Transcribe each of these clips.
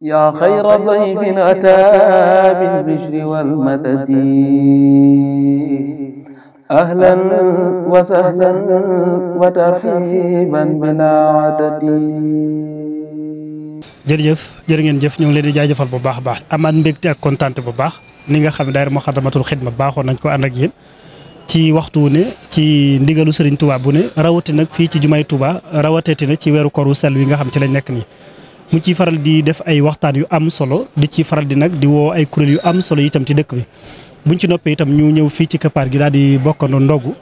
yaa xayra dayfin ataa bil bishri wal madadi ahlan wa sahlan wa tarxiiban bilaa adadi jërëjëf jërë ngeen jëf ñu ngi leen di jaajëfal bu baax baax amaat mbégte ak kontaante bu baax ni nga xam ne daayira Muxaddamatul Xidma baaxoon nañ ko ànd ak yéen ci waxtu wu ne ci ndigalu sëriñ Touba bu ne rawati nag fii ci Jumaay Touba rawateeti na ci weeru koru sel wi nga xam ci lañ nekk nii mu ciy faral di def ay waxtaan yu am solo di ci faral di nag di woo ay kuréel yu am solo itam ci dëkk bi buñ ci noppee itam ñu ñëw fii ci Keppaar gi daal di bokkandoo ndogu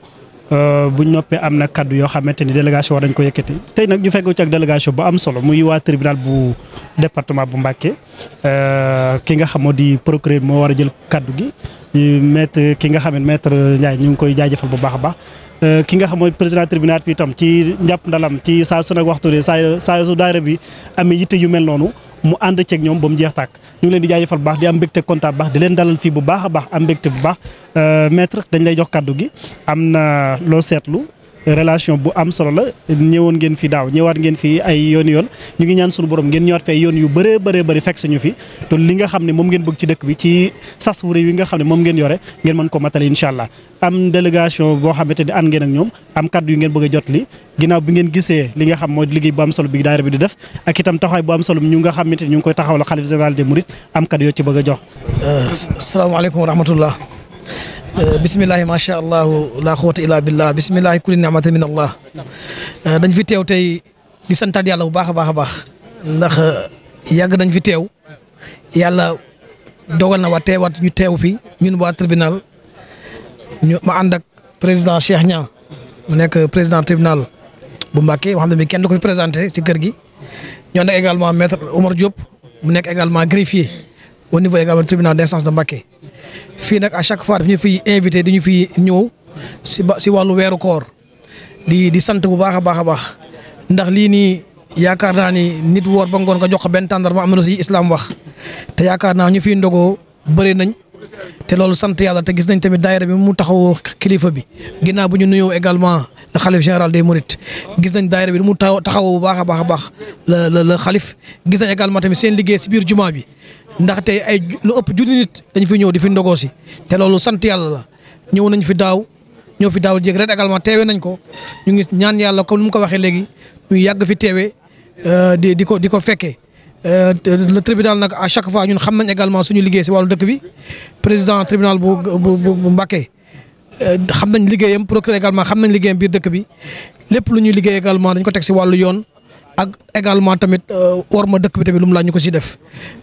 euh, buñ noppee am na kaddu yoo xamante ni délégation war nañ ko yëkkati tey nag ñu fekkoo ci ak délégation bu am solo muy waa tribunal bu département bu Mbacké euh, ki nga xamoo di procureur moo war a jël kaddu gi euh, maître ki nga xam ne maître ñu ngi koy jaajëfal bu baax a baax. Euh, ki nga xam mooy président tribunal bi tam ci njàpp ndalam ci saa su nag waxtu ne saa saa su bi amee yitte yu mel noonu mu ànd ceeg ñoom ba mu jeex tàkk ñu ngi leen di jaajëfal bu baax di am mbégte te bu baax di leen dalal fii bu baax a baax am mbégte bu baax euh, maître dañ lay jox kàddu gi am na loo seetlu relation bu am solo la ñëwoon ngeen fi daaw ñëwaat ngeen fi ay yoon yoon ñu ngi ñaan suñu borom ngeen ñëwaat fee yoon yu bëree bëree bëri fekk suñu fi te li nga xam ne moom ngeen bëgg ci dëkk bi ci sas wu rëy nga xam ne moom ngeen yore ngeen mën ko matali incha allah am délégation boo xamante ni ànd ngeen ak ñoom am kaddu yu ngeen bëgg a jot li ginnaaw bi ngeen gisee li nga xam mooy liggéey bu am solo bi daayira bi di def ak itam taxawaay bu a Euh, bisimilah macha allah laa quwwata illaa billah bisimilah kulli ni'matin min allah euh, dañ fi teew tey di santaat yàlla bu baax a baax a baax ndax euh, yàgg dañ fi teew yàlla dogal na waa teewaat ñu teew fi ñun waa tribunal ñu ma ànd ak président Cheikh ñaa mu nekk président tribunal bu Mbacké boo xam ne bi kenn du ko fi présenté ci kër gi ñoo nekk également maître Omar Diop mu nekk également greffier au niveau également tribunal d'instance de Mbacké fii nag à chaque fois ñu fiy invité dañu fiy ñëw si ba si wàllu weeru koor di di sant bu baax a baax a baax ndax lii nii yaakaar naa ni nit woor ba ngoon nga jox ko benn tàndar ma am na si islam wax te yaakaar naa ñu fiy ndogoo bëri nañ. te loolu sant yàlla te gis nañ tamit daayira bi mu taxaw kilifa bi ginnaaw bu ñu nuyoo également le xalif général des gis nañ daayira bi mu taxaw bu baax a baax a baax la la xalif gis nañ également tamit seen liggéey si biir jumaa bi ndaxte ay lu ëpp junni nit dañ fi ñëw di fi ndogoo si te loolu sant yàlla la ñëw nañ fi daaw ñëw fi daaw jeg ren également teewe nañ ko ñu ngi ñaan yàlla comme ni mu ko waxee léegi ñu yàgg fi teewe euh, di di ko di ko fekkee euh, le tribunal nag à chaque fois ñun xam nañ également suñu liggéey si wàllu dëkk bi président tribunal bu bu bu Mbacké euh, xam nañ liggéeyam procureur également xam nañ liggéeyam biir dëkk bi lépp lu ñuy liggéey également dañ ko teg si wàllu yoon. ak également tamit euh, war ma dëkk bi tamit lu mu laaj ñu si def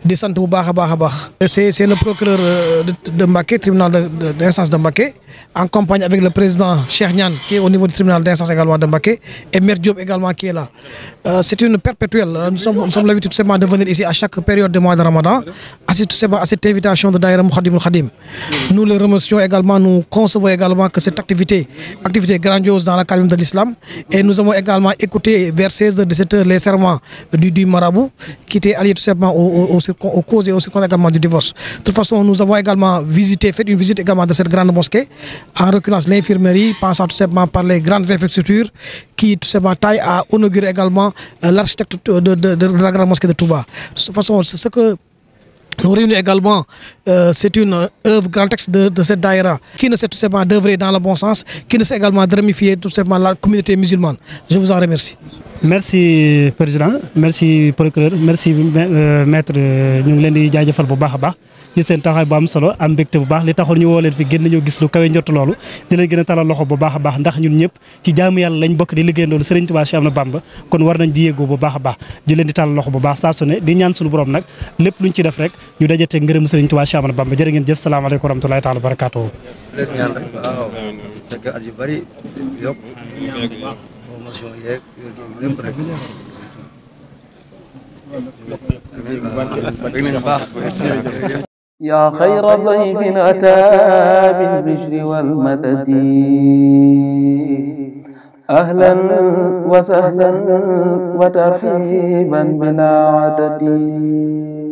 di sant bu baax a baax a baax. c'est c'est le procureur euh, de Mbacké tribunal d'instance de Mbacké en compagnie avec le président Cheikh Niane qui est au niveau du tribunal d'instance également de Mbacké et maire Diop également qui est euh, c'est une perpétuelle nous sommes nous sommes l'habitude de venir ici à chaque période de mois de Ramadan assister seulement à cette invitation de Daïra Moukhaddamatoul Khidma. nous le remercions prêter les serments du, du marabout, qui divorce. De nous avons également visité, fait une visite également de cette grande mosquée, en reconnaissant l'infirmerie, passant tout simplement par les grandes infrastructures qui, tout simplement, taille à inaugurer également euh, de, la grande mosquée de Touba. De toute façon, ce que nous réunissons également, euh, c'est une euh, œuvre grand texte de, cette daïra qui ne sait tout simplement d'œuvrer dans le bon sens, qui ne sait également merci président merci procureur merci euh, maître ñu ngi leen di jaajëfal bu baax a baax ci seen taxawaay bu am solo am mbégte bu baax li taxoon ñu woo leen fi gën nañoo gis lu kawe njott loolu di leen gën a loxo bu baax a baax ndax ñun ñëpp ci jaamu yàlla lañ bokk di liggéeyandoolu Serigne Touba Cheikh Ahmadou Bamba kon war nañ di yéegoo bu baax a baax di leen di talal loxo bu baax saa su ne di ñaan suñu borom nag lépp luñ ci def rek ñu dajatee ngërëm Serigne Touba Cheikh Ahmadou Bamba jërë ngeen jëf salaamaaleykum wa rahmatulahi taala barakatuhu formation yeeg yooyu yëpp rek. yaa xayra dayfin ataa bil bishri wal madadi ahlan wa sahlan wa tarhiiban bilaa adadi